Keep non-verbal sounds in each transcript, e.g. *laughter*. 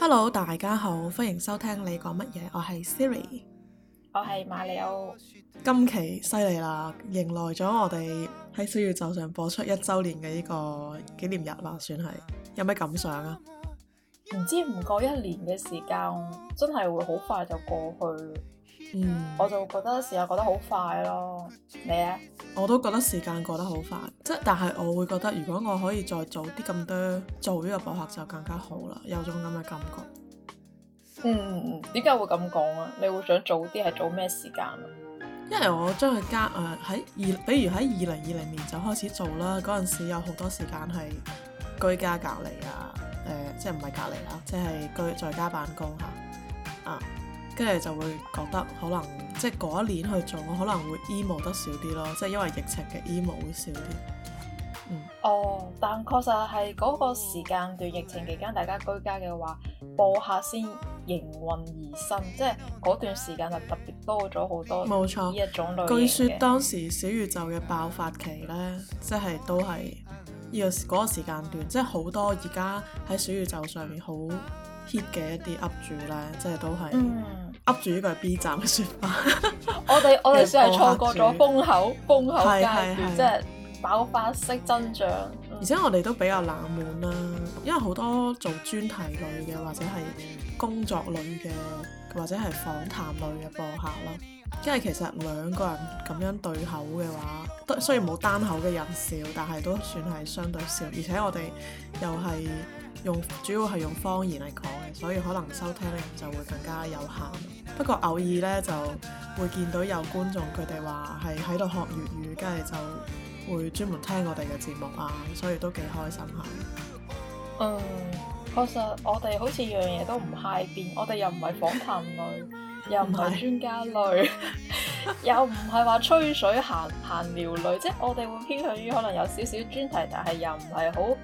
Hello，大家好，歡迎收聽你講乜嘢，我係 Siri，我係瑪利奧。今期犀利啦，迎來咗我哋喺小宇宙上播出一周年嘅呢個紀念日啦，算係有咩感想啊？唔知唔過一年嘅時間，真係會好快就過去。嗯，我就覺得時間過得好快咯。你咧？啊？我都覺得時間過得好快，即係但係我會覺得，如果我可以再早啲咁多做呢個播客就更加好啦，有種咁嘅感覺。嗯，點解會咁講啊？你會想早啲係早咩時間？因為我將佢加誒喺，呃、二，比如喺二零二零年就開始做啦。嗰陣時有好多時間係居家隔離啊，誒、呃，即係唔係隔離啦，啊，即係居在家辦公吓啊。啊跟住就會覺得可能即係嗰一年去做，我可能會 emo 得少啲咯，即係因為疫情嘅 emo 少啲。嗯。哦，但確實係嗰個時間段疫情期間，大家居家嘅話，播客先迎運而生，即係嗰段時間就特別多咗好多。冇錯錯。一種類型嘅。據說當時小宇宙嘅爆發期呢，即係都係呢、這個嗰、那個時間段，即係好多而家喺小宇宙上面好。hit 嘅一啲 up 主咧，即係都係 up 住呢個係 B 站嘅説法。我哋我哋算係錯過咗風口風口街，係係係係，即係爆發式增長。嗯，而且我哋都比較冷門啦，因為好多做專題類嘅或者係工作類嘅或者係訪談類嘅播客啦。因為其實兩個人咁樣對口嘅話，都雖然冇單口嘅人少，但係都算係相對少。而且我哋又係用主要係用方言嚟講，所以可能收聽嘅人就會更加有限。不過偶爾呢，就會見到有觀眾佢哋話係喺度學粵語，跟住就會專門聽我哋嘅節目啊，所以都幾開心下。嗯，確實我哋好似樣嘢都唔嗨變，我哋又唔係訪談類。 *laughs* 又唔係專家類， *laughs* 又唔係話吹水閒閒 *laughs* 聊類，即係我哋會偏向於可能有少少專題，但係又唔係好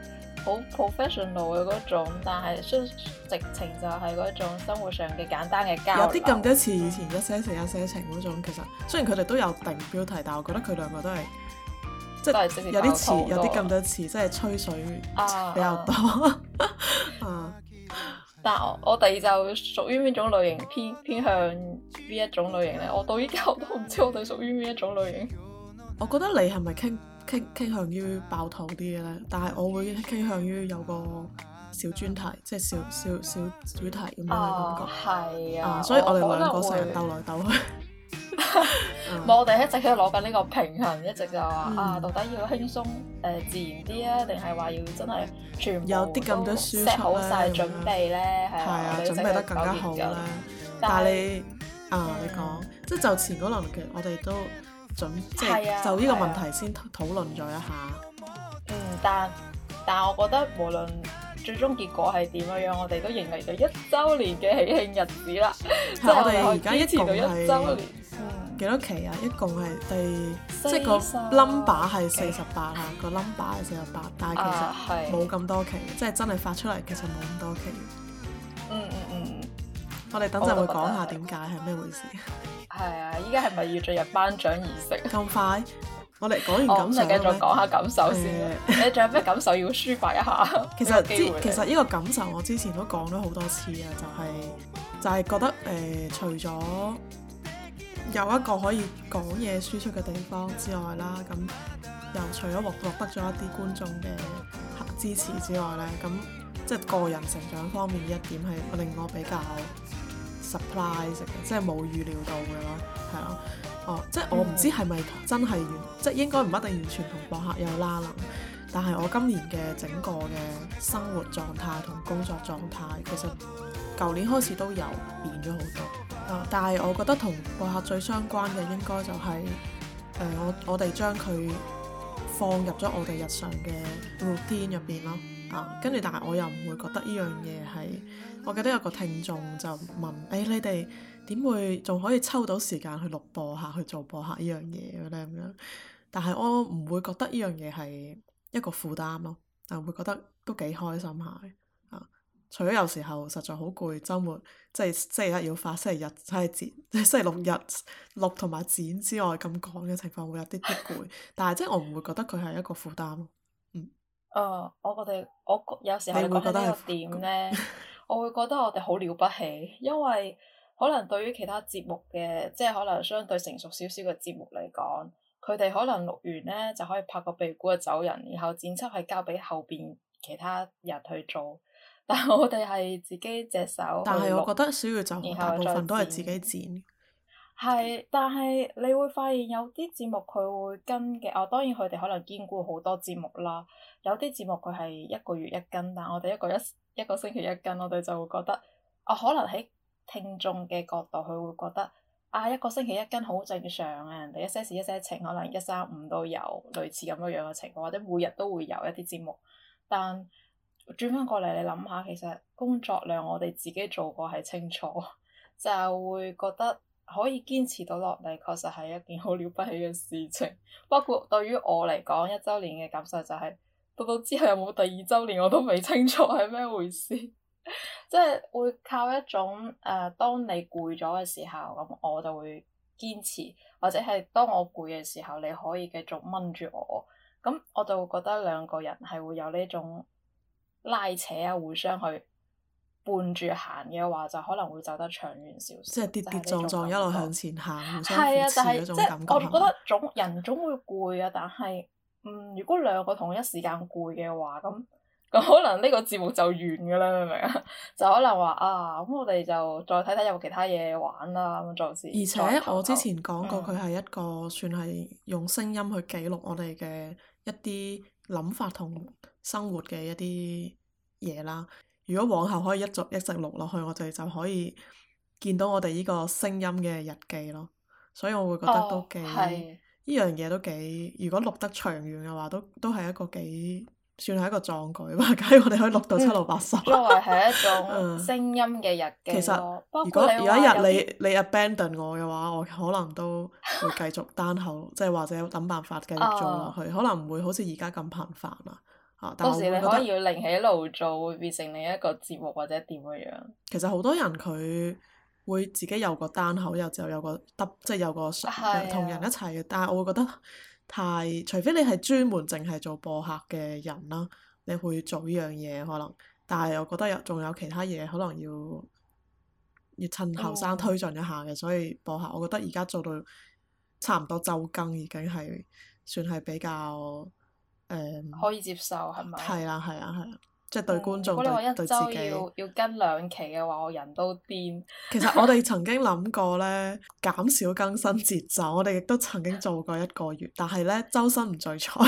好 professional 嘅嗰種，但係相直情就係嗰種生活上嘅簡單嘅交流。有啲咁多詞，以前一寫情一寫情嗰種，其實雖然佢哋都有定標題，但係我覺得佢兩個都係即係有啲詞，有啲咁多詞，即係吹水比較多。啊啊 *laughs* 啊但我哋就屬於邊種類型，偏偏向邊一種類型咧？我到依家，我都唔知我哋屬於邊一種類型。我覺得你係咪傾傾傾向於爆肚啲嘅呢？但係我會傾向於有個小專題，即係小小小主題咁樣嘅感覺。係啊，啊 uh, 所以我哋兩覺個成日鬥來鬥去。 *laughs* 我哋一直喺度攞緊呢個平衡，一直就話啊，到底要輕鬆誒自然啲啊，定係話要真係全部有啲咁多 set 好晒準備咧，係啊，準備得更加好咧。但係你啊，你講即係就前嗰輪，其實我哋都準即係就呢個問題先討論咗一下。嗯，但但係我覺得無論最終結果係點樣樣，我哋都迎嚟咗一週年嘅喜慶日子啦，即我哋而家一週年。幾多期啊？一共係第，即係個 number 係四十八吓，個 number 係四十八，但係其實冇咁多期，即係真係發出嚟，其實冇咁多期。嗯嗯嗯，我哋等陣會講下點解係咩回事。係啊，依家係咪要進入頒獎儀式？咁快？我哋講完感受，我哋繼續講下感受先。你仲有咩感受要抒發一下？其實之，其實呢個感受我之前都講咗好多次啊，就係就係覺得誒，除咗。有一個可以講嘢輸出嘅地方之外啦，咁又除咗獲獲得咗一啲觀眾嘅支持之外呢，咁即係個人成長方面，一點係令我比較 surprise 嘅，即係冇預料到嘅咯，係啊，哦，即係我唔知係咪真係完，即係應該唔一定完全同博客有拉掕，但係我今年嘅整個嘅生活狀態同工作狀態，其實舊年開始都有變咗好多。啊、但係我覺得同播客最相關嘅應該就係、是、誒、呃、我我哋將佢放入咗我哋日常嘅 routine 入邊咯。啊，跟住但係我又唔會覺得呢樣嘢係，我記得有個聽眾就問誒、欸、你哋點會仲可以抽到時間去錄播客去做播客呢樣嘢咧咁樣。但係我唔會覺得呢樣嘢係一個負擔咯，但、啊、會覺得都幾開心下。除咗有時候實在好攰，週末即係星期一要發，星期日即係剪，即係星期六日、嗯、錄同埋剪之外，咁講嘅情況會有啲啲攰， *laughs* 但係即係我唔會覺得佢係一個負擔咯。嗯。誒、哦，我覺得我有時候你會覺得點咧？ *laughs* 我會覺得我哋好了不起，因為可能對於其他節目嘅，即係可能相對成熟少少嘅節目嚟講，佢哋可能錄完咧就可以拍個屁股就走人，然後剪輯係交俾後邊其他人去做。但我哋係自己隻手，但係我覺得小月就大部分都係自己剪，係，但係你會發現有啲節目佢會跟嘅，哦，當然佢哋可能兼顧好多節目啦。有啲節目佢係一個月一更，但我哋一個一一個星期一更，我哋就會覺得，啊、哦，可能喺聽眾嘅角度，佢會覺得啊，一個星期一更好正常啊。人哋一些事一些情，可能一三五都有類似咁嘅樣嘅情況，或者每日都會有一啲節目，但。轉翻過嚟，你諗下，其實工作量我哋自己做過係清楚， *laughs* 就會覺得可以堅持到落嚟，確實係一件好了不起嘅事情。 *laughs* 包括對於我嚟講，一周年嘅感受就係、是、到到之後有冇第二周年我都未清楚係咩回事。即 *laughs* 係會靠一種誒、呃，當你攰咗嘅時候，咁我就會堅持，或者係當我攰嘅時候，你可以繼續掹住我，咁我就會覺得兩個人係會有呢種。拉扯啊，互相去伴住行嘅話，就可能會走得長遠少少。即係跌跌撞撞一路向前行，係啊，就係即係，我覺得總人總會攰啊。但係，嗯，如果兩個同一時間攰嘅話，咁咁可能呢個節目就完噶啦，明唔明啊？就可能話啊，咁我哋就再睇睇，有冇其他嘢玩啦。咁就，而且我之前講過，佢係、嗯、一個算係用聲音去記錄我哋嘅一啲諗法同。生活嘅一啲嘢啦，如果往後可以一續一直錄落去，我哋就可以見到我哋呢個聲音嘅日記咯。所以我會覺得都幾呢樣嘢都幾。如果錄得長遠嘅話，都都係一個幾算係一個壯舉嘛，假如我哋可以錄到七老八十。嗯，作為係一種聲音嘅日記。 *laughs* 其實，括如果有一日你你，你，你 abandon 我嘅話，我可能都會繼續單口，即係 *laughs* 或者諗辦法繼續做落去，oh。可能唔會好似而家咁頻繁啊。當時你可以要另起路做會變成另一個節目或者點嘅樣。其實好多人佢會自己有個單口，又就有個得，即係有個同人一齊嘅。但係我會覺得太，除非你係專門淨係做播客嘅人啦，你會做呢樣嘢可能。但係我覺得有仲有其他嘢可能要要趁後生推進一下嘅，哦、所以播客我覺得而家做到差唔多周更已經係算係比較。誒可以接受係咪？係啊，係啊，係啊。即係對觀眾對自己。要跟更兩期嘅話，我人都癲。其實我哋曾經諗過咧，減少更新節奏。我哋亦都曾經做過一個月，但係咧周身唔聚財。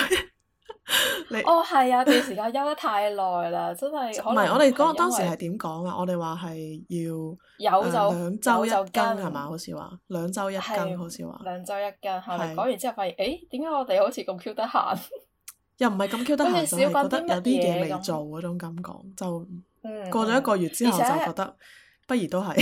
你哦，係啊，段時間休得太耐啦，真係。唔係我哋嗰個當時係點講啊？我哋話係要有就兩週一更係嘛？好似話兩週一更，好似話兩週一更係咪？講完之後發現，誒點解我哋好似咁 Q 得閒？又唔係咁 Q 得閒，就係覺得有啲嘢未做嗰麼種感覺，就過咗一個月之後、嗯、就覺得不如都係。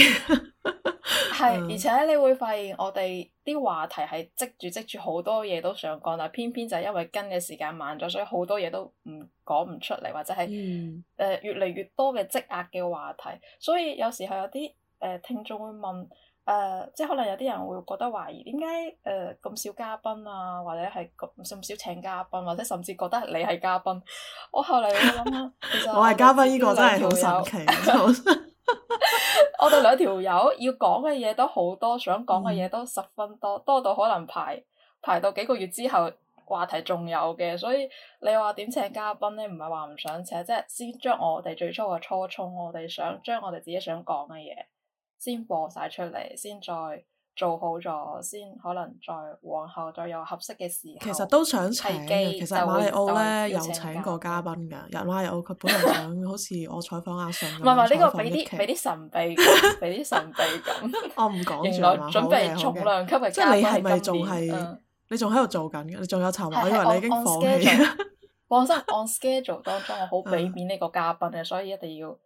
係 *laughs* 是、嗯、而且你會發現，我哋啲話題係積住積住好多嘢都想講，但偏偏就係因為跟嘅時間慢咗，所以好多嘢都唔講唔出嚟，或者係越嚟越多嘅積壓嘅話題，嗯、所以有時候有啲誒聽眾會問。誒，uh, 即係可能有啲人會覺得懷疑，點解誒咁少嘉賓啊，或者係咁少唔少請嘉賓，或者甚至覺得你係嘉賓。 *laughs* 我後嚟諗，其實 *laughs* 我係嘉賓呢個真係好神奇。 *laughs* *laughs* *laughs* 我哋兩條友要講嘅嘢都好多，想講嘅嘢都十分多，多到可能排排到幾個月之後話題仲有嘅。所以你話點請嘉賓咧？唔係話唔想請，即係先將我哋最初嘅初衷，我哋想將我哋自己想講嘅嘢。先播晒出嚟，先再做好咗，先可能再往後再有合適嘅時候。其實都想，其實馬里奧咧有請過嘉賓㗎。馬利奧佢本來想，好似我採訪阿信唔係，唔係，呢個俾啲俾啲神秘，俾啲神秘感。我唔講住係嘛？好嘅。原來準備重量級嘅嘉賓，即係你係咪仲係你仲喺度做緊？你仲有籌碼？我以為你已經放棄。往生 on schedule 當中，我好俾面呢個嘉賓啊，所以一定要。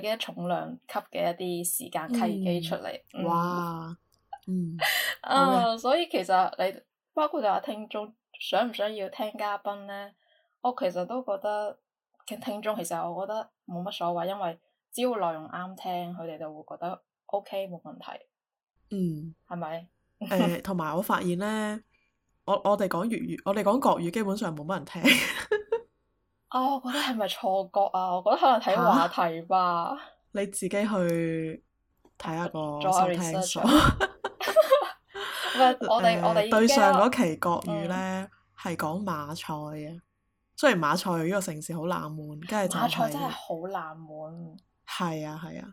比較重量級嘅一啲時間契機出嚟，嗯嗯、哇， *laughs* 嗯啊，所以其實你包括就話聽眾想唔想要聽嘉賓咧，我其實都覺得聽聽眾其實我覺得冇乜所謂，因為只要內容啱聽，佢哋就會覺得 O K 冇問題，嗯，係咪？誒、呃，同埋 *laughs* 我發現咧，我我哋講粵語，我哋講國語，基本上冇乜人聽。 *laughs* 啊！我覺得係咪錯覺啊？我覺得可能睇話題吧、啊。你自己去睇下個收聽數。我哋、呃、我哋對上嗰期國語咧係、嗯、講馬賽嘅，雖然馬賽呢個城市好冷門，跟住就係、馬賽真係好冷門。係啊係啊，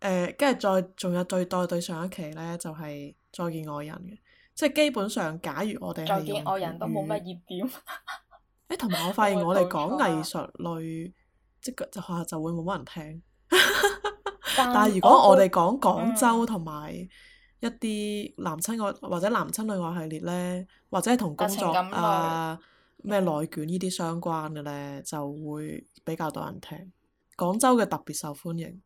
誒、啊，跟、呃、住再仲有再對待對上一期咧，就係、是、再見愛人嘅，即、就、係、係、基本上，假如我哋再見愛人都冇乜熱點。 *laughs* 誒，同埋、欸、我發現，我哋講藝術類，即係就學校就會冇乜人聽。 *laughs* 但係如果我哋講廣州同埋一啲男親愛、嗯、或者男親女愛系列咧，或者係同工作啊咩、啊、內卷呢啲相關嘅咧，嗯、就會比較多人聽。廣州嘅特別受歡迎。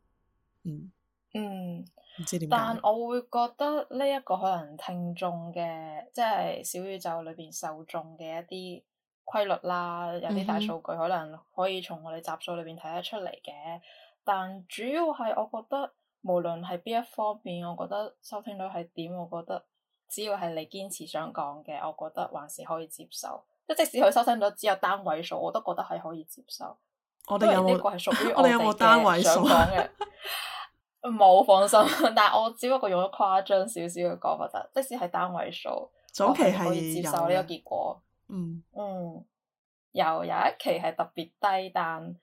嗯。嗯。唔知點解。但係我會覺得呢一個可能聽眾嘅，即、就、係、是、小宇宙裏邊受眾嘅一啲規律啦，有啲大數據、嗯、哼可能可以從我哋集數裏邊睇得出嚟嘅。但主要係我覺得，無論係邊一方面，我覺得收聽率係點，我覺得只要係你堅持想講嘅，我覺得還是可以接受。即即使佢收聽率只有單位數，我都覺得係可以接受。我都有啲個係屬於我哋嘅單位數嘅。冇放心，但係我只不過用咗誇張少少嘅講法，得即使係單位數，早期係可以接受呢的個結果。嗯，嗯，有有一期係特別低，但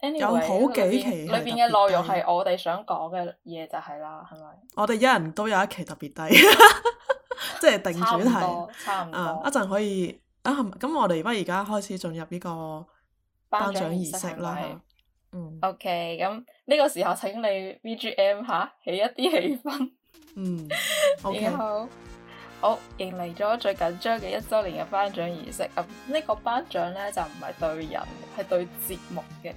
Anyway，有好幾期裏邊嘅內容係我哋想講嘅嘢就係啦，係咪、嗯？是是我哋一人都有一期特別低，即係 *laughs* *laughs* 定主題，差唔多。一陣、啊、可以啊，咁我哋而家開始進入呢個頒獎儀式啦。式是是嗯。O K，咁呢個時候請你 B G M 吓，起一啲氣氛。嗯。你、okay. *laughs* 好。好，oh, 迎嚟咗最緊張嘅一週年嘅頒獎儀式。咁、啊這個、呢個頒獎咧就唔係對人，係對節目嘅。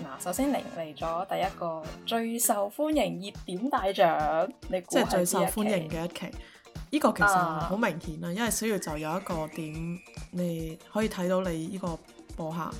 嗱、啊，首先迎嚟咗第一個最受歡迎熱點大獎，你即係最受歡迎嘅一期。呢、這個其實好明顯啦，啊、因為小月就有一個點，你可以睇到你呢個播客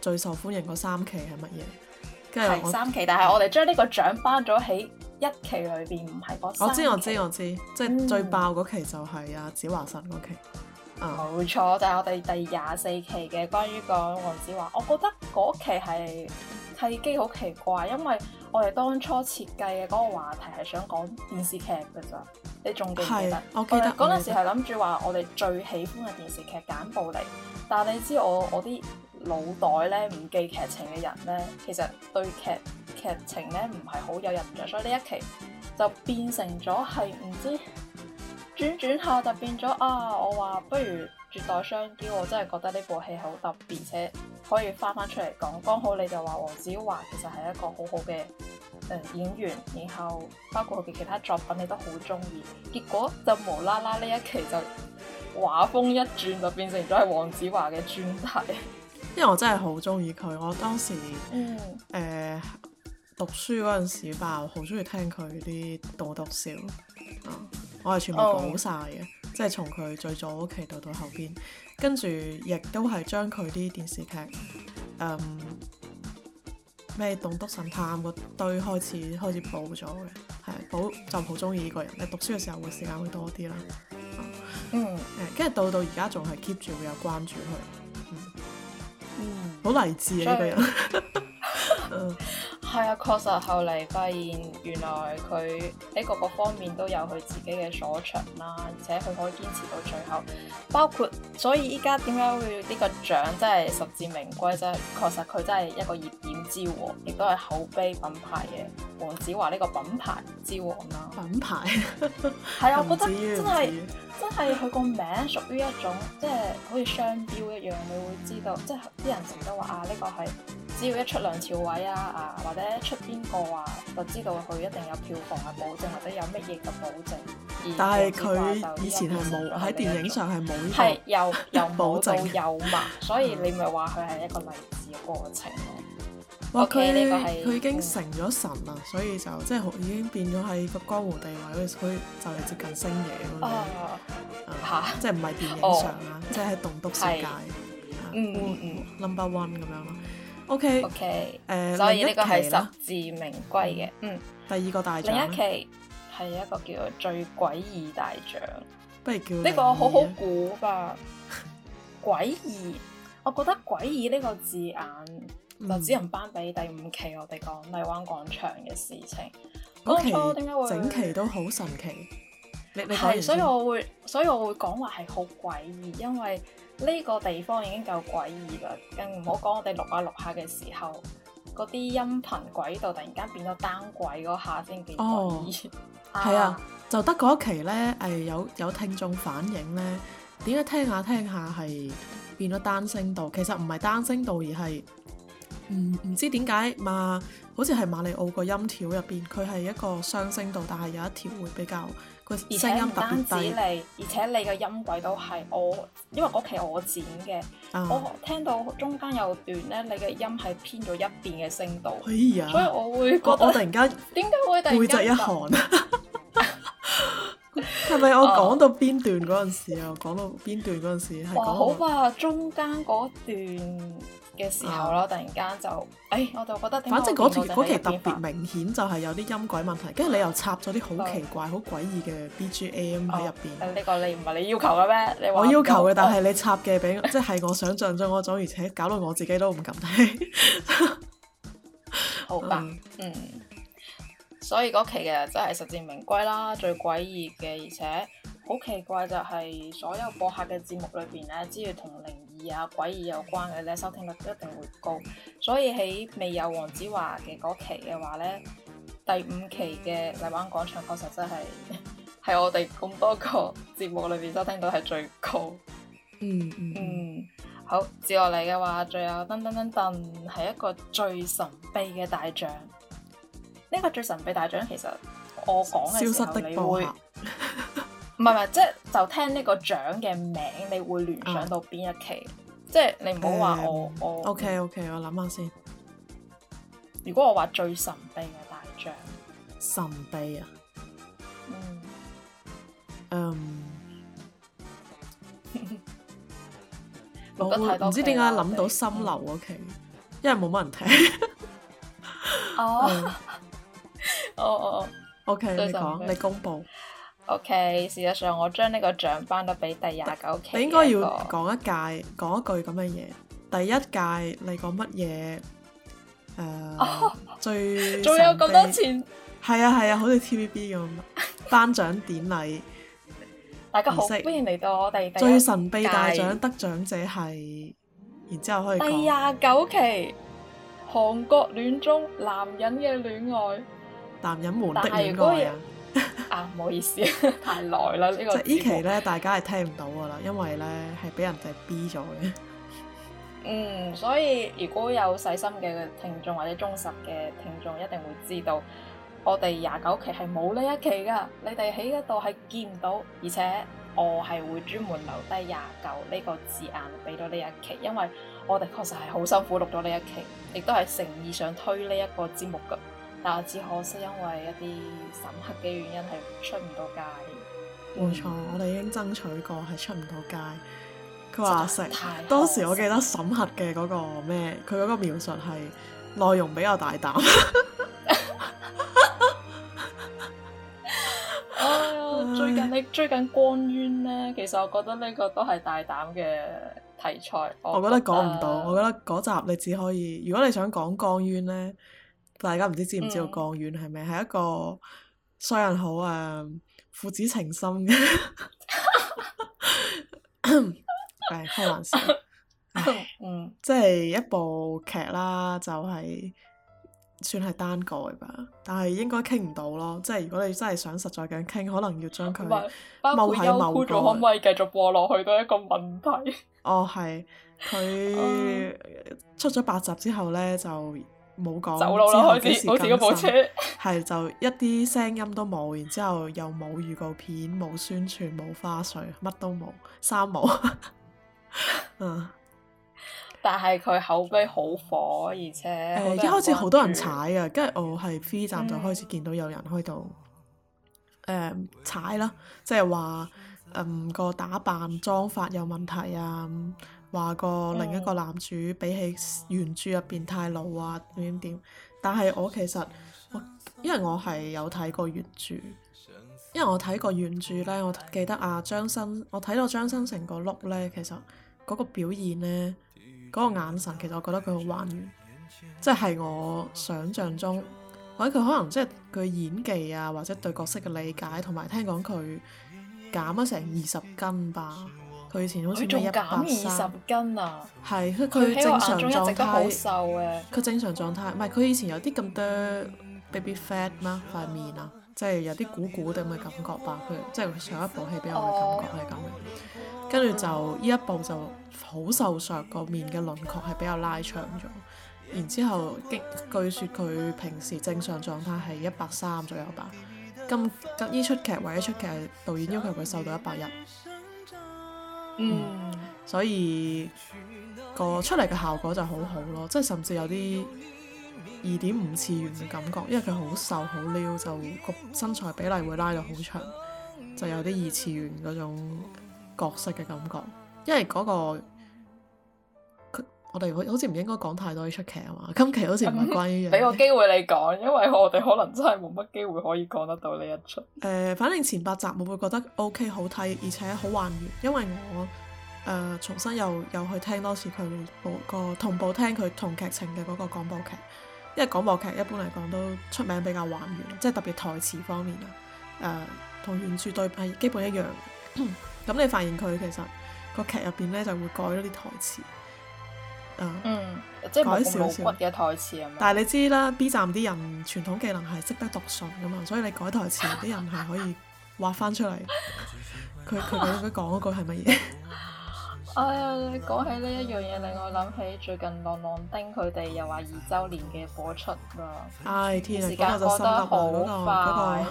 最受歡迎嗰三期係乜嘢，係三期，但係我哋將呢個獎頒咗起。一期裏邊唔係個新我，我知我知我知， *noise* 即係最爆嗰期就係阿、啊、子華神嗰、okay. uh. 就是、期，啊冇錯就係我哋第廿四期嘅關於講黃子華，我覺得嗰期係契機好奇怪，因為我哋當初設計嘅嗰個話題係想講電視劇噶咋，嗯、你仲記唔記得？我記得嗰陣時係諗住話我哋最喜歡嘅電視劇揀部嚟，但係你知我我啲。腦袋咧，唔記劇情嘅人咧，其實對劇劇情咧唔係好有印象，所以呢一期就變成咗係唔知轉轉下就變咗啊！我話不如絕代雙驕，我真係覺得呢部戲好特別，而且可以翻翻出嚟講。剛好你就話黃子華其實係一個好好嘅、呃、演員，然後包括佢嘅其他作品你都好中意，結果就無啦啦呢一期就畫風一轉就變成咗係黃子華嘅專題。因為我真係好中意佢，我當時誒、嗯、讀書嗰陣時吧，我好中意聽佢啲《棟篤笑》啊、嗯，我係全部補晒嘅，哦、即係從佢最早期到到後邊，跟住亦都係將佢啲電視劇誒咩《棟、嗯、篤神探》嗰堆開始開始補咗嘅，係、嗯、補就唔好中意呢個人。你讀書嘅時候會時間會多啲啦，嗯跟住、嗯、到到而家仲係 keep 住會有關注佢。好勵志啊！呢個人。嗯，係啊，確實後嚟發現原來佢喺各個方面都有佢自己嘅所長啦，而且佢可以堅持到最後，包括所以依家點解會呢個獎真係實至名歸，真、啊、係確實佢真係一個熱點之王，亦都係口碑品牌嘅黃子華呢個品牌之王啦、啊。品牌係啊，我覺得真係、嗯、真係佢個名屬於一種即係好似商標一樣，你會知道即係啲人成日都話啊呢、啊這個係。只要一出梁朝偉啊啊，或者出邊個啊，就知道佢一定有票房嘅保證，或者有乜嘢嘅保證。但係佢以前係冇喺電影上係冇呢個，係有保證有嘛。所以你咪話佢係一個勵志嘅過程咯。佢已經成咗神啦，所以就即係已經變咗喺個江湖地位，佢就嚟接近星爺咯。啊！即係唔係電影上啊？即係喺棟篤世界。Number One 咁樣咯。O K O K，誒，所以呢個係實至名歸嘅，嗯，嗯，第二個大獎，另一期係一個叫做最詭異大獎，不如叫呢個好好估吧？ *laughs* 詭異，我覺得詭異呢個字眼，就、嗯、只能頒畀第五期我哋講荔灣廣場嘅事情。嗰期點解會整期都好神奇？係，所以我會，所以我會講話係好詭異，因為。呢個地方已經夠詭異啦，更唔好講我哋錄下錄下嘅時候，嗰啲音頻軌道突然間變咗單軌嗰下先幾以前，係、哦、啊，就得嗰期呢，誒、哎、有有聽眾反映呢，點解聽下聽下係變咗單聲道？其實唔係單聲道，而係唔唔知點解嘛。好似係瑪利奧個音條入邊，佢係一個雙聲道，但係有一條會比較佢聲音特別低。而且唔單止你，而且你個音軌都係我，因為嗰期我剪嘅，oh. 我聽到中間有段咧，你嘅音係偏咗一邊嘅聲道。哎呀！所以我會覺得我我突然間點解 *laughs* 會突背脊、這個、一寒？啊？係咪我講到邊段嗰陣時啊？Oh. 講到邊段嗰陣時係講？好吧、啊，中間嗰段，嘅時候咯，突然間就，哎，我就覺得，反正嗰期特別明顯，就係有啲音軌問題，跟住你又插咗啲好奇怪、好詭異嘅 BGM 喺入邊。呢個你唔係你要求嘅咩？你話我要求嘅，但係你插嘅畀，即係我想象中嗰種，而且搞到我自己都唔敢睇。好吧，嗯。所以嗰期嘅真係實至名歸啦，最詭異嘅，而且好奇怪就係所有播客嘅節目裏邊呢，只要同零。而啊，詭異有關嘅咧，收聽率一定會高。所以喺未有黃子華嘅嗰期嘅話咧，第五期嘅荔灣廣場確實真係係我哋咁多個節目裏邊收聽到係最高。嗯嗯，嗯，好，接落嚟嘅話，最後噔噔噔噔係一個最神秘嘅大獎。呢個最神秘大獎其實我講嘅時候，寶寶你會。唔係唔係，即係就聽呢個獎嘅名，你會聯想到邊一期？即係你唔好話我我。O K O K，我諗下先。如果我話最神秘嘅大獎，神秘啊，嗯，嗯，我唔知點解諗到心流，OK，因為冇乜人聽。哦，哦哦，O K，你講，你公佈。O、okay, K，事實上我將呢個獎頒到俾第廿九期。你應該要講一屆，講一句咁樣嘢。第一屆你講乜嘢？誒、呃，啊、最仲有咁多錢？係啊係啊，好似 TVB 咁頒獎典禮。大家好，歡迎嚟到我哋。最神秘大獎得獎者係，然之後可以講。第廿九期《韓國戀中男人嘅戀愛》，男人們的戀愛啊。 *laughs* 啊，唔好意思，太耐啦、這個、呢個。呢期咧，大家係聽唔到噶啦，因為咧係俾人哋逼咗嘅。嗯，所以如果有細心嘅聽眾或者忠實嘅聽眾，一定會知道我哋廿九期係冇呢一期噶，你哋喺一度係見唔到，而且我係會專門留低廿九呢個字眼俾到呢一期，因為我哋確實係好辛苦錄咗呢一期，亦都係誠意想推呢一個節目噶。但係只可惜，因為一啲審核嘅原因係出唔到街。冇錯，嗯、我哋已經爭取過係出唔到街。佢話食當時我記得審核嘅嗰個咩，佢嗰個描述係內容比較大膽。哎呀，最近呢，最近光淵呢，其實我覺得呢個都係大膽嘅題材。我覺得講唔到，我覺得嗰集你只可以，如果你想講光淵呢？大家唔知知唔知道《鋼軟》係咪、嗯？係一個衰人好啊、呃，父子情深嘅、 *laughs* *laughs* *laughs* 呃，誒開玩笑，唉、嗯嗯，即係一部劇啦，就係、是、算係單蓋吧。但係應該傾唔到咯，即係如果你真係想實在噉傾，可能要將佢冇、嗯，係冇，咗，可唔可以繼續播落去都係一個問題？哦，係佢、嗯、出咗八集之後咧，就～就冇講知幾時更新，係就一啲聲音都冇，然後之後又冇預告片、冇宣傳、冇花絮，乜都冇，三無。 *laughs* 嗯，但係佢口碑好火，而且、欸、一開始好多人踩嘅，跟住我係 B 站就開始見到有人喺度誒踩啦，即係話嗯，嗯、就是、嗯個打扮裝法有問題啊。話過另一個男主比起原著入邊太老啊點點點，但係我其實我因為我係有睇過原著，因為我睇過原著咧，我記得啊張新，我睇到張新成個碌 o 咧，其實嗰個表現咧，嗰、那個眼神其實我覺得佢好還原，即、就、係、是、我想象中，或者佢可能即係佢演技啊，或者對角色嘅理解，同埋聽講佢減咗成二十斤吧。佢以前好似一百三，佢仲減二十斤啊！係佢佢正常狀態，佢正常狀態，唔係佢以前有啲咁多 baby fat 咩塊面啊，即係有啲鼓鼓哋咁嘅感覺吧。佢即係佢上一部戲俾我嘅感覺係咁嘅，跟住、哦、就呢、嗯、一部就好瘦削，個面嘅輪廓係比較拉長咗。然之後據據說佢平時正常狀態係一百三左右吧，咁呢出劇或者出劇，導演要求佢瘦到一百一。嗯，所以個出嚟嘅效果就好好咯，即係甚至有啲二點五次元嘅感覺，因為佢好瘦好撩，就個身材比例會拉到好長，就有啲二次元嗰種角色嘅感覺，因為嗰、嗰個。我哋好好似唔應該講太多呢出劇啊嘛，今期好似唔係關於俾個機、嗯、會你講，因為我哋可能真係冇乜機會可以講得到呢一出。誒、呃，反正前八集我會覺得 O、OK, K 好睇，而且好還原，因為我誒、呃、重新又又去聽多次佢部個同步聽佢同劇情嘅嗰個廣播劇，因為廣播劇一般嚟講都出名比較還原，即係特別台詞方面啊，誒、呃、同原著對比基本一樣。咁 *coughs* 你發現佢其實、嗰個劇入邊咧就會改咗啲台詞。Uh, 嗯，點點即係改少少。但係你知啦，B 站啲人傳統技能係識得讀唇噶嘛，所以你改台詞啲 *laughs* 人係可以畫翻出嚟。佢佢佢講嗰句係乜嘢？ *laughs* 哎呀，你講起呢一樣嘢，令 *laughs* 我諗起最近浪浪丁佢哋又話二周年嘅播出唉、哎，天啊，時間過得好快。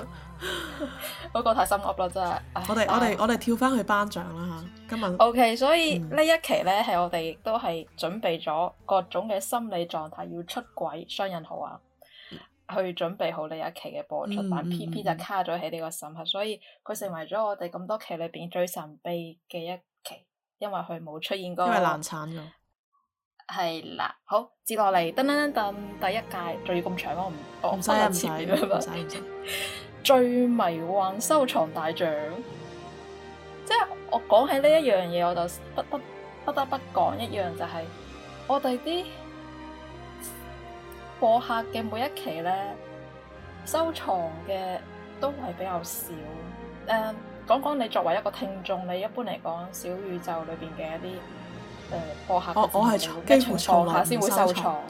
嗰個太心惡啦，真係。我哋我哋我哋跳翻去頒獎啦吓，今日。OK，所以呢一期咧係我哋都係準備咗各種嘅心理狀態，要出軌雙引號啊，去準備好呢一期嘅播出，但 PP 就卡咗喺呢個審核，所以佢成為咗我哋咁多期裏邊最神秘嘅一期，因為佢冇出現過。因為難產咗。係啦，好，接落嚟，噔噔噔噔，第一屆仲要咁長咯，唔，唔使唔使。最迷幻收藏大獎，即係我講起呢一樣嘢，我就不不不得不講一樣就係我哋啲播客嘅每一期咧，收藏嘅都係比較少。誒，講講你作為一個聽眾，你一般嚟講小宇宙裏邊嘅一啲誒播客我，我我係幾乎從冇收藏。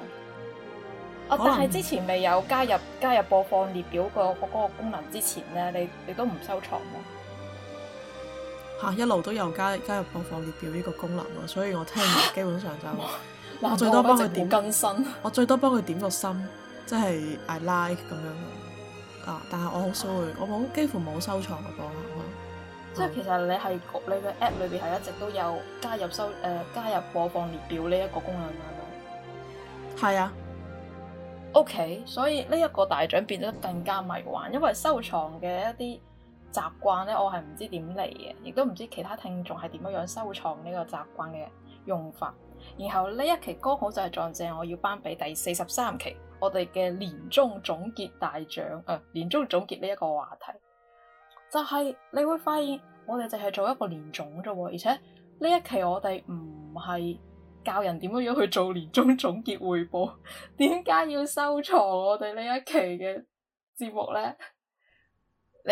可哦、但係之前未有加入加入播放列表個個功能之前咧，你你都唔收藏咯？吓、啊，一路都有加加入播放列表呢個功能咯，所以我聽基本上就 *laughs* 我最多幫佢點更新，我最多幫佢點個心，即、就、係、是、I like 咁樣啊，但係我好 sorry *laughs* 我冇幾乎冇收藏嘅方向咯。即係、嗯、其實你係你嘅 app 裏邊係一直都有加入收誒、呃、加入播放列表呢一個功能啊？係啊。O、okay, K，所以呢一個大獎變得更加迷幻，因為收藏嘅一啲習慣咧，我係唔知點嚟嘅，亦都唔知其他聽眾係點樣樣收藏呢個習慣嘅用法。然後呢一期剛好就係撞正我要頒俾第四十三期我哋嘅年終總結大獎啊、呃，年終總結呢一個話題，就係、是、你會發現我哋淨係做一個年總啫喎，而且呢一期我哋唔係。教人點樣樣去做年終總結彙報，點解要收藏我哋呢一期嘅節目咧？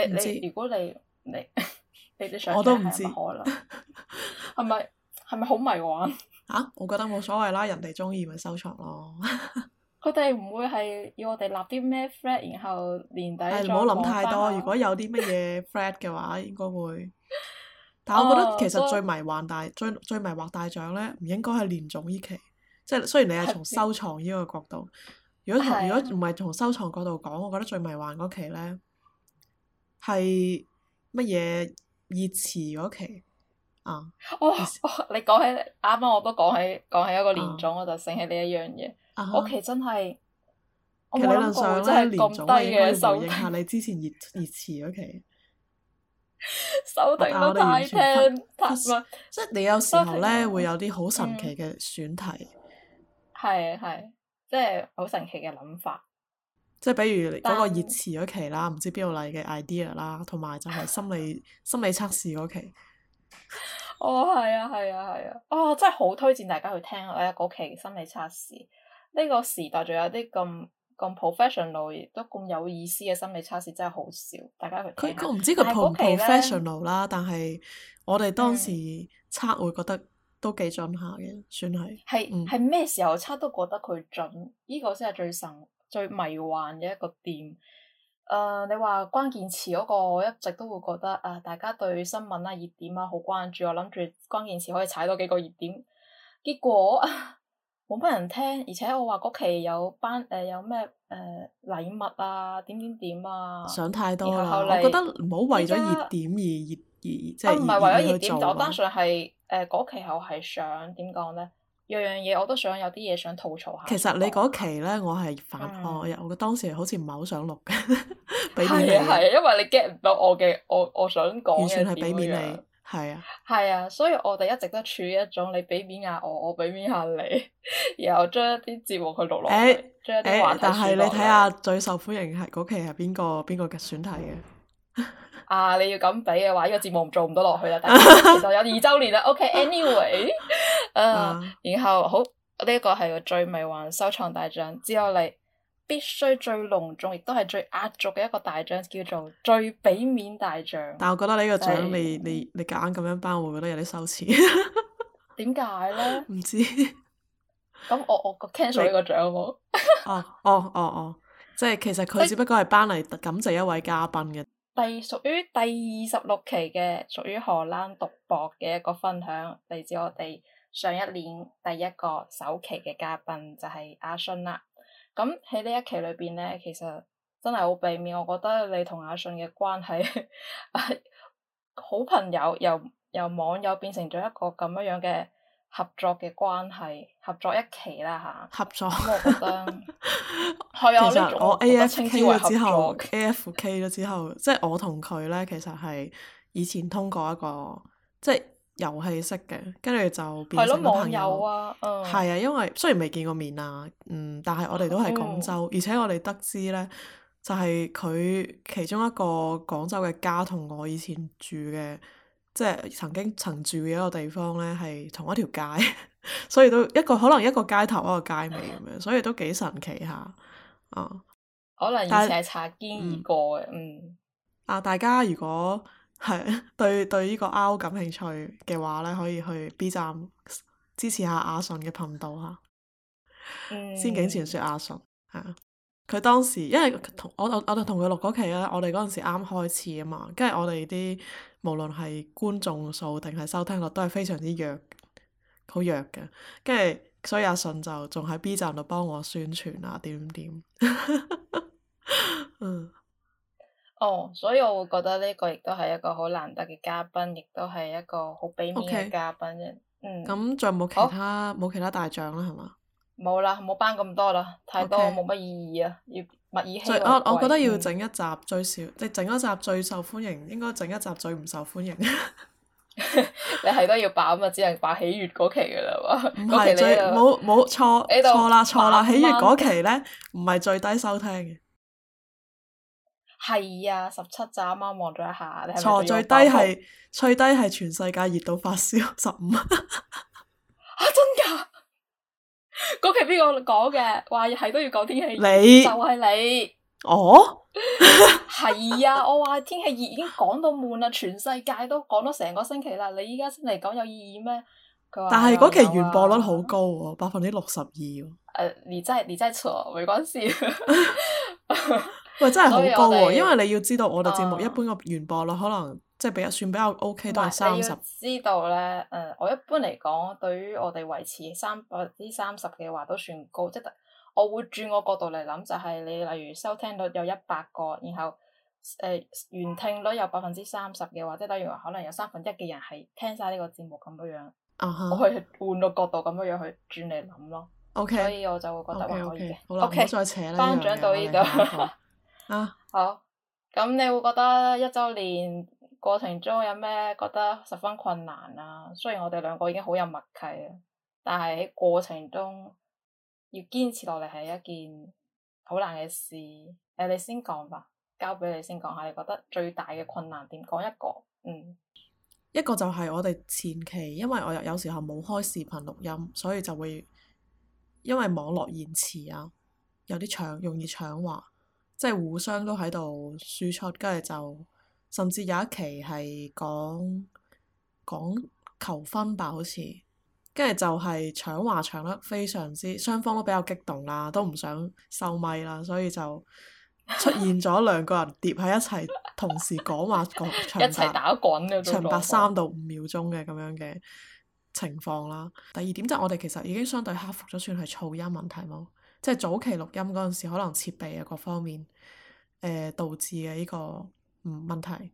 你知你如果你你你啲想有有我都唔知是是，係咪係咪好迷幻啊？我覺得冇所謂啦，人哋中意咪收藏咯。佢哋唔會係要我哋立啲咩 flag，然後年底唔好諗太多。如果有啲乜嘢 flag 嘅話， *laughs* 應該會。但係我覺得其實最迷幻大最最迷惑大獎咧，唔應該係連總呢期。即係雖然你係從收藏呢個角度，如果如果唔係從收藏角度講，我覺得最迷幻嗰期咧係乜嘢熱詞嗰期啊！哇！你講起啱啱，我都講起講起一個連總，我就醒起呢一樣嘢。嗰期真係我理論上真係咁低嘅，要回應下你之前熱熱詞嗰期。 *laughs* 手定都太聽、啊、 *laughs* 即係你有時候咧 *laughs* 會有啲好神奇嘅選題，係係、嗯，即係好神奇嘅諗法。即係比如嗰個熱詞嗰期啦，唔但知邊度嚟嘅 idea 啦，同埋就係心理 *laughs* 心理測試嗰期。哦，係啊，係啊，係啊，啊，哦，真係好推薦大家去聽啊！嗰個、期心理測試，呢、呢個時代仲有啲咁。咁 professional 都咁有意思嘅心理測試真係好少，大家佢。佢唔知佢 professional 啦，但係我哋當時測會覺得都幾準下嘅，算係。係係咩時候測都覺得佢準？呢、呢個先係最神、最迷幻嘅一個點。誒、呃，你話關鍵詞嗰個我一直都會覺得誒、呃，大家對新聞啊、熱點啊好關注，我諗住關鍵詞可以踩多幾個熱點，結果。 *laughs* 冇乜人聽，Fish，而且我話嗰期有班誒、嗯、有咩誒禮物啊，點點點啊，想太多啦。我覺得唔好為咗熱點而熱而即係。我唔係為咗熱點，我單純係誒嗰期後係想點講咧，樣樣嘢我都想有啲嘢想吐槽下。其實你嗰期咧，我係反、嗯、我，我當時好似唔係好想錄。係啊係，因為你 get 唔到我嘅我我想講算係俾面你。係啊，係啊，所以我哋一直都處於一種你俾面下我，我俾面下你，然後將一啲節目佢錄落去，將、欸、一啲話題、欸。但係你睇下最受歡迎係嗰期係邊個邊個嘅選題嘅？ *laughs* 啊，你要咁俾嘅話，呢、這個節目做唔到落去啦。但係其實有二周年啦，OK，Anyway，嗯，然後好呢個係個最迷幻收藏大獎，只有你。必須最隆重，亦都係最壓軸嘅一個大獎，叫做最俾面大獎。但係我覺得呢個獎是你你你夾硬咁樣頒，我覺得有啲羞恥。點解咧？唔知。 *laughs* 咁我我個 cancel 呢個獎冇。哦哦哦哦，即係其實佢只不過係頒嚟，感謝一位嘉賓嘅。第屬於第二十六期嘅，屬於荷蘭獨博嘅一個分享，嚟自我哋上一年第一個首期嘅嘉賓，就係、是、阿信啦。咁喺呢一期裏邊咧，其實真係好避免。我覺得你同阿信嘅關係， *laughs* 好朋友又由網友變成咗一個咁樣樣嘅合作嘅關係，合作一期啦吓。合作，我覺得，我覺得稱之為合作其實我 A F K 咗之後，A F K 咗之後，即係 *laughs* *laughs* 我同佢咧，其實係以前通過一個即係。就是遊戲式嘅，跟住就變成朋友。網友啊。係、嗯、啊，因為雖然未見過面啊，嗯，但係我哋都係廣州，嗯、而且我哋得知呢，就係、是、佢其中一個廣州嘅家同我以前住嘅，即、就、係、是、曾經曾住嘅一個地方呢，係同一條街， *laughs* 所以都一個可能一個街頭一個街尾咁樣，嗯、所以都幾神奇下啊。嗯、可能以前係擦肩而過嘅，嗯。啊，大家如果～係， *laughs* 對對呢個 R 感興趣嘅話咧，可以去 B 站支持下阿信嘅頻道嚇。仙境傳說阿信，係啊，佢當時因為同我我我同佢錄嗰期咧，我哋嗰陣時啱開始啊嘛，跟住我哋啲無論係觀眾數定係收聽率都係非常之弱，好弱嘅。跟住所以阿信就仲喺 B 站度幫我宣傳啊，點點， *laughs* 嗯。哦，oh, 所以我會覺得呢個亦都係一個好難得嘅嘉賓，亦都係一個好俾面嘅嘉賓 Okay. 嗯。咁仲有冇其他冇、oh? 其他大獎啦？係嘛？冇啦，冇班咁多啦，太多冇乜 Okay. 意義啊！要物以稀為貴。我我覺得要整一集最少，你整一集最受歡迎，應該整一集最唔受歡迎。 *laughs* *laughs* 你係都要擺啊嘛？只能擺喜悅嗰期嘅啦，唔係最冇冇錯錯啦錯啦！喜悅嗰期咧，唔係最低收聽嘅。係啊，十七咋？啱啱望咗一下，你係咪錯最低？最低係全世界熱到發燒，十五 *laughs* 啊！真噶？嗰期邊個講嘅？話係都要講天氣熱，你就係你。哦，係我 *laughs* 啊！我話天氣熱已經講到悶啦，全世界都講咗成個星期啦，你依家先嚟講有意義咩？但係嗰期完播率好高喎，百分之六十二喎。誒、啊，你真係你真係錯，沒關係。 *laughs* *laughs* 因為，真係好高喎！因為你要知道，我哋節目一般個原播率可能即係比較算比較 O K，都係三十。知道咧，誒，我一般嚟講，對於我哋維持三百分之三十嘅話，都算高，即係我會轉個角度嚟諗，就係你例如收聽率有一百個，然後誒原聽率有百分之三十嘅話，即係例如話可能有三分一嘅人係聽晒呢個節目咁樣樣。啊哈！我係換個角度咁樣樣去轉嚟諗咯。O K，所以我就會覺得還可以嘅。O K，再扯啦。頒獎到依度。啊，ah. 好，咁你會覺得一周年過程中有咩覺得十分困難啊？雖然我哋兩個已經好有默契啊，但係喺過程中要堅持落嚟係一件好難嘅事。誒，你先講吧，交俾你先講下，你覺得最大嘅困難點？講一個，嗯，一個就係我哋前期，因為我有有時候冇開視頻錄音，所以就會因為網絡延遲啊，有啲搶，容易搶話。即係互相都喺度輸出，跟住就甚至有一期係講講求婚吧好，好似跟住就係搶話搶得非常之雙方都比較激動啦，都唔想收咪啦，所以就出現咗兩個人疊喺一齊，同時講話講 *laughs* 長白， *laughs* 長白三到五秒鐘嘅咁樣嘅情況啦。第二點即係我哋其實已經相對克服咗，算係噪音問題咯。即係早期錄音嗰陣時，可能設備啊各方面誒、呃、導致嘅呢個嗯問題。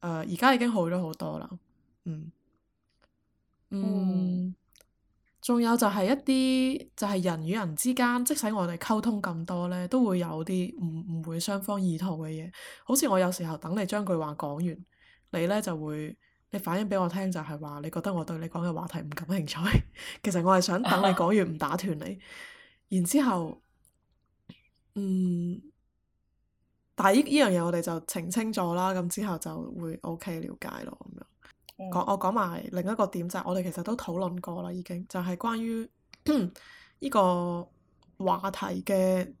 而、呃、家已經好咗好多啦，嗯嗯。仲、嗯、有就係一啲就係、是、人與人之間，即使我哋溝通咁多咧，都會有啲唔唔會雙方意圖嘅嘢。好似我有時候等你將句話講完，你咧就會你反應俾我聽就，就係話你覺得我對你講嘅話題唔感興趣。 *laughs* 其實我係想等你講完，唔打斷你。然之後，嗯，但係呢呢樣嘢我哋就澄清咗啦，咁之後就會 OK 了解咯。咁樣，講、嗯、我講埋另一個點就係、是、我哋其實都討論過啦，已經就係、是、關於呢、這個話題嘅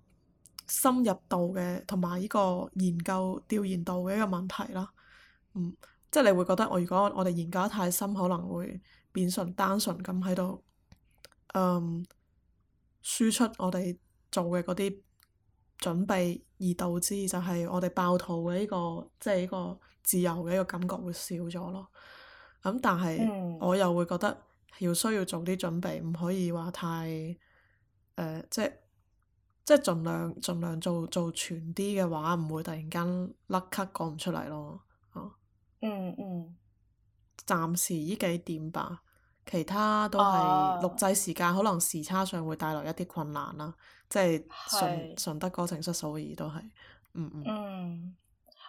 深入度嘅，同埋呢個研究調研度嘅一個問題啦。嗯，即係你會覺得我如果我哋研究得太深，可能會變純單純咁喺度，嗯。輸出我哋做嘅嗰啲準備而導致就係我哋爆肚嘅呢個，即係呢個自由嘅一個感覺會少咗咯。咁、嗯、但係、嗯、我又會覺得要需要做啲準備，唔可以話太誒、呃，即係即係盡量盡量做做全啲嘅話，唔會突然間甩咳講唔出嚟咯。啊，嗯嗯，嗯，暫時呢幾點吧。其他都係錄製時間，啊、可能時差上會帶來一啲困難啦。即係順是順得哥情失嫂意都係，嗯嗯。嗯，嗯嗯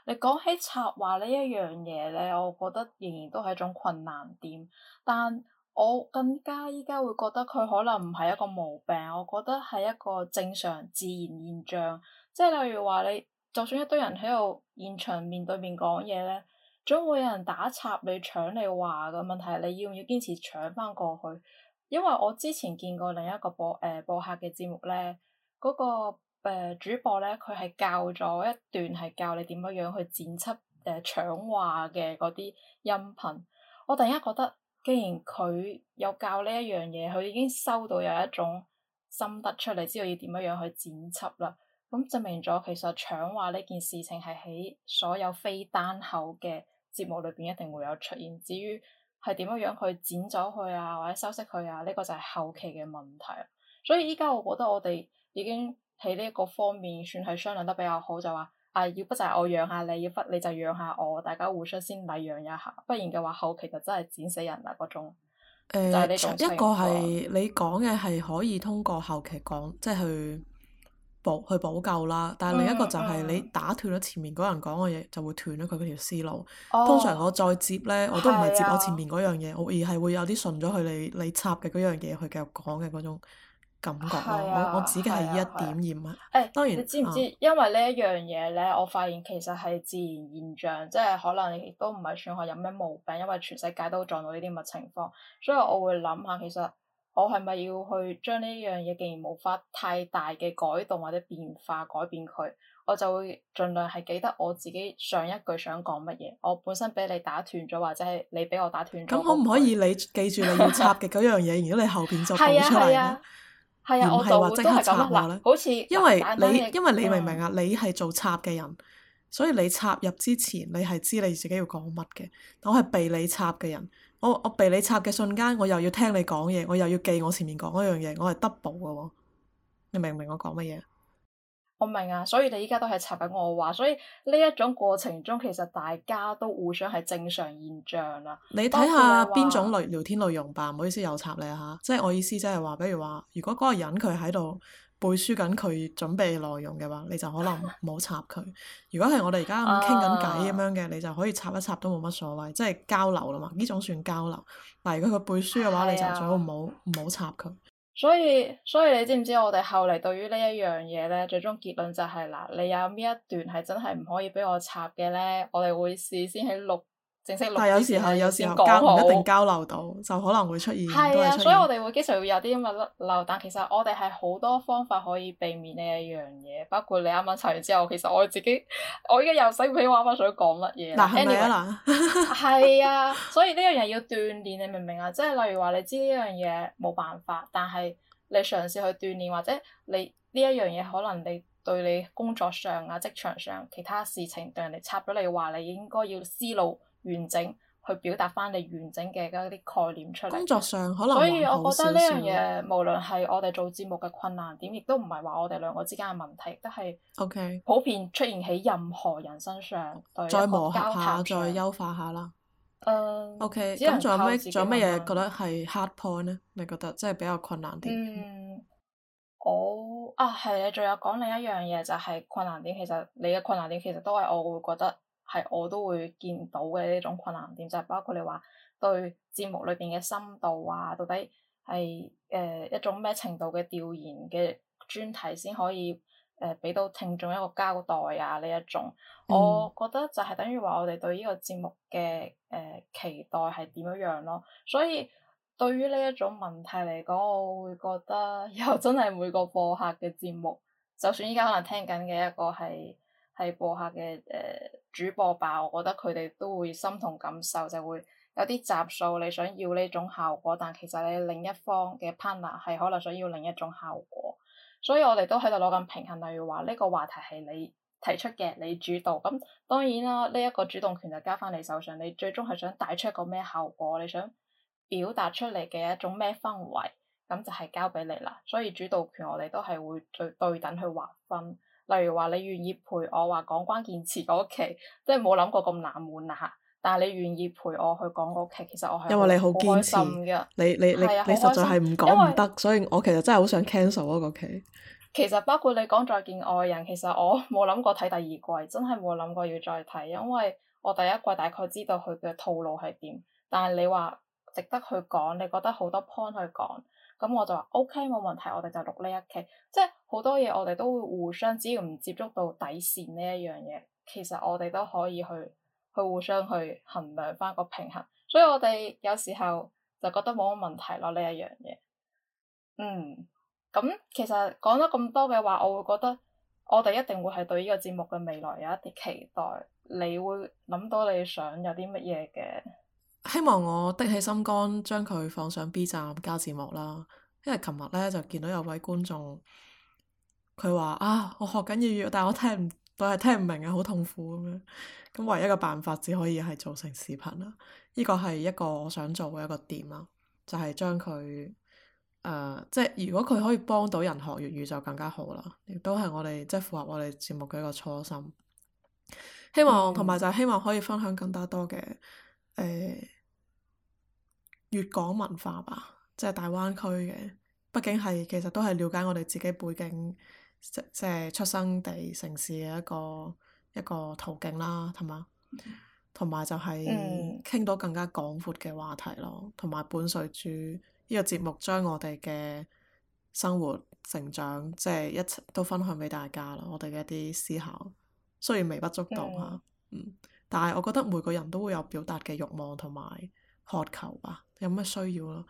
你講起插話呢一樣嘢咧，我覺得仍然都係一種困難點，但我更加依家會覺得佢可能唔係一個毛病，我覺得係一個正常自然現象。即係例如話，你就算一堆人喺度現場面對面講嘢咧。總會有人打插你搶你話嘅問題，係你要唔要堅持搶翻過去？因為我之前見過另一個播誒、呃、播客嘅節目咧，嗰、那個誒、呃、主播咧，佢係教咗一段係教你點樣樣去剪輯誒搶話嘅嗰啲音頻。我突然間覺得，既然佢有教呢一樣嘢，佢已經收到有一種心得出嚟，之後要點樣樣去剪輯啦。咁、嗯、證明咗其實搶話呢件事情係喺所有非單口嘅節目裏邊一定會有出現。至於係點樣樣去剪走佢啊，或者修飾佢啊，呢、這個就係後期嘅問題。所以依家我覺得我哋已經喺呢一個方面算係商量得比較好，就話啊，要不就係我讓下你，要不你就讓下我，大家互相先禮讓一下。不然嘅話，後期就真係剪死人啦嗰種。誒、呃呃，一個係你講嘅係可以通過後期講，即、就、係、是、去。補去補救啦，但係另一個就係你打斷咗前面嗰人講嘅嘢，嗯、就會斷咗佢嗰條思路。哦、通常我再接咧，我都唔係接我前面嗰樣嘢，啊、而係會有啲順咗佢你你插嘅嗰樣嘢去繼續講嘅嗰種感覺咯、啊。我我指嘅係呢一點而唔係。誒、啊，啊啊、當然你知唔知？啊、因為呢一樣嘢咧，我發現其實係自然現象，即係可能亦都唔係算係有咩毛病，因為全世界都撞到呢啲咁嘅情況，所以我會諗下其實。我係咪要去將呢樣嘢，既然無法太大嘅改動或者變化改變佢，我就會盡量係記得我自己上一句想講乜嘢。我本身俾你打斷咗，或者係你俾我打斷咗。咁可唔可以你記住你要插嘅嗰樣嘢，如果 *laughs* 你後邊就講出嚟咧。係啊係啊，係啊，唔係話即刻插話咧。好似因為你，因為你明唔明啊？你係做插嘅人，所以你插入之前，你係知你自己要講乜嘅。我係被你插嘅人。我我被你插嘅瞬間，我又要聽你講嘢，我又要記我前面講嗰樣嘢，我係 double 嘅喎。你明唔明我講乜嘢？我明啊，所以你依家都係插緊我話，所以呢一種過程中其實大家都互相係正常現象啦。你睇下邊種類聊天內容吧。唔好意思又插你吓，即係我意思即係話，比如話如果嗰個人佢喺度。背書緊佢準備內容嘅話，你就可能唔好插佢。如果係我哋而家咁傾緊偈咁樣嘅， *laughs* 啊、你就可以插一插都冇乜所謂，即係交流啦嘛。呢種算交流。但，如果佢背書嘅話，是啊、你就最好唔好唔好插佢。所以，所以你知唔知我哋後嚟對於呢一樣嘢咧，最終結論就係、是、嗱，你有呢一段係真係唔可以畀我插嘅咧，我哋會事先喺錄。正式，但係有時候，有時候交唔一定交流到，就可能會出現。係啊，所以我哋會經常會有啲甩漏，但其實我哋係好多方法可以避免呢一樣嘢。包括你啱啱插完之後，其實我自己，我依家又醒唔起我啱啱想講乜嘢。嗱，Andy，係啊，所以呢樣嘢要鍛煉，你明唔明啊？即係例如話你知呢樣嘢冇辦法，但係你嘗試去鍛煉，或者你呢一樣嘢可能你對你工作上啊、職場上其他事情，對人哋插咗你話，你，你應該要思路。完整去表達翻你完整嘅一啲概念出嚟。工作上可能點點所以，我覺得呢樣嘢，無論係我哋做節目嘅困難點，亦都唔係話我哋兩個之間嘅問題，都係普遍出現喺任何人身上。Okay. 上再磨合下，再優化下啦。嗯、uh, Okay.。OK，咁仲有咩？仲有咩嘢？覺得係 hard point 咧？你覺得即係比較困難啲？嗯。講啊，係啊！仲有講另一樣嘢就係、是、困難點。其實你嘅困難點其實都係我會覺得。係我都會見到嘅呢種困難點，就係、是、包括你話對節目裏邊嘅深度啊，到底係誒、呃、一種咩程度嘅調研嘅專題先可以誒俾、呃、到聽眾一個交代啊？呢一種，嗯、我覺得就係等於話我哋對呢個節目嘅誒、呃、期待係點樣樣咯。所以對於呢一種問題嚟講，我會覺得又真係每個播客嘅節目，就算依家可能聽緊嘅一個係。係播客嘅誒、呃、主播吧，我覺得佢哋都會心同感受，就會有啲雜數。你想要呢種效果，但其實你另一方嘅 partner 係可能想要另一種效果，所以我哋都喺度攞緊平衡。例如話呢、這個話題係你提出嘅，你主導。咁當然啦，呢、這、一個主動權就交翻你手上。你最終係想帶出一個咩效果？你想表達出嚟嘅一種咩氛圍？咁就係交俾你啦。所以主導權我哋都係會對對等去劃分。例如話你願意陪我話講關鍵詞嗰期，即係冇諗過咁冷門啊！但係你願意陪我去講嗰期，其實我係因為你好堅信嘅，你你你、啊、你實在係唔講唔得為，所以我其實真係好想 cancel 嗰期。其實包括你講再見愛人，其實我冇諗過睇第二季，真係冇諗過要再睇，因為我第一季大概知道佢嘅套路係點，但係你話值得去講，你覺得好多 point 去講。咁我就話 OK 冇問題，我哋就錄呢一期。即係好多嘢我哋都會互相，只要唔接觸到底線呢一樣嘢，其實我哋都可以去去互相去衡量翻個平衡。所以我哋有時候就覺得冇乜問題咯呢一樣嘢。嗯，咁其實講咗咁多嘅話，我會覺得我哋一定會係對呢個節目嘅未來有一啲期待。你會諗到你想有啲乜嘢嘅？希望我的起心肝將佢放上 B 站加字幕啦，因為琴日咧就見到有位觀眾，佢話啊我學緊粵語，但係我聽唔都係聽唔明啊，好痛苦咁樣。咁唯一嘅辦法只可以係做成視頻啦，呢、這個係一個我想做嘅一個點啦，就係、是、將佢誒、呃，即係如果佢可以幫到人學粵語就更加好啦，亦都係我哋即係符合我哋節目嘅一個初心。希望同埋、嗯、就係希望可以分享更加多嘅。誒，粵、uh，港文化吧,即係大灣區嘅，畢竟係其實都係了解我哋自己背景，即即係出生地城市嘅一個一個途徑啦,係嘛？同埋就係傾到更加廣闊嘅話題咯，同埋伴隨住呢個節目將我哋嘅生活、成長，即係一齊都分享俾大家啦，我哋嘅一啲思考，雖然微不足道吓，嗯。嗯但係，我覺得每個人都會有表達嘅欲望同埋渴求啊。有乜需要咯？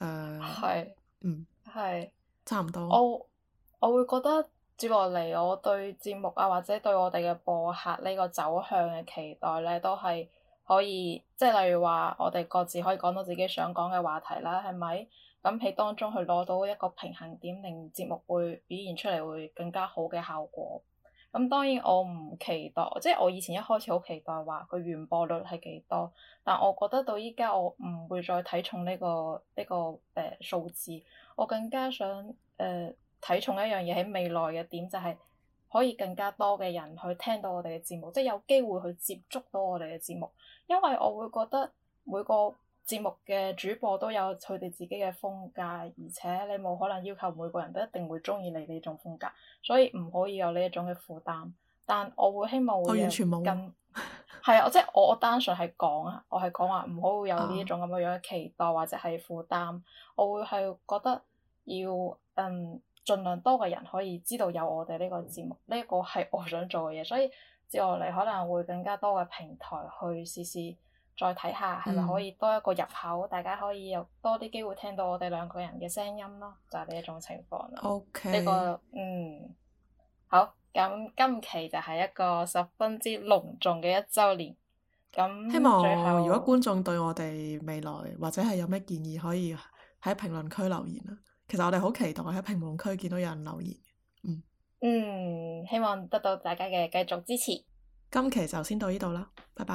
誒，uh，係，嗯，係，差唔多。我我會覺得接落嚟，我對節目啊，或者對我哋嘅播客呢個走向嘅期待咧，都係可以，即係例如話，我哋各自可以講到自己想講嘅話題啦，係咪？咁喺當中去攞到一個平衡點，令節目會表現出嚟會更加好嘅效果。咁當然我唔期待，即係我以前一開始好期待話個完播率係幾多，但我覺得到依家我唔會再睇重呢、呢個呢、呢個誒、呃、數字，我更加想誒睇、呃、重一樣嘢喺未來嘅點，就係、是、可以更加多嘅人去聽到我哋嘅節目，即係有機會去接觸到我哋嘅節目，因為我會覺得每個。節目嘅主播都有佢哋自己嘅風格，而且你冇可能要求每個人都一定會中意你呢種風格，所以唔可以有呢一種嘅負擔。但我會希望會完全冇。跟，係啊，即 *laughs* 係、就是、我我單純係講啊，我係講話唔好有呢一種咁嘅樣嘅期待或者係負擔。我會係覺得要嗯盡量多嘅人可以知道有我哋呢個節目，呢、這、一個係我想做嘅嘢，所以接落嚟可能會更加多嘅平台去試試。再睇下係咪可以多一個入口，嗯、大家可以有多啲機會聽到我哋兩個人嘅聲音咯。就係呢一種情況啦。OK 呢個嗯好咁，今期就係一個十分之隆重嘅一週年。咁希望最後如果觀眾對我哋未來或者係有咩建議，可以喺評論區留言啦。其實我哋好期待喺評論區見到有人留言。嗯嗯，希望得到大家嘅繼續支持。今期就先到呢度啦，拜拜。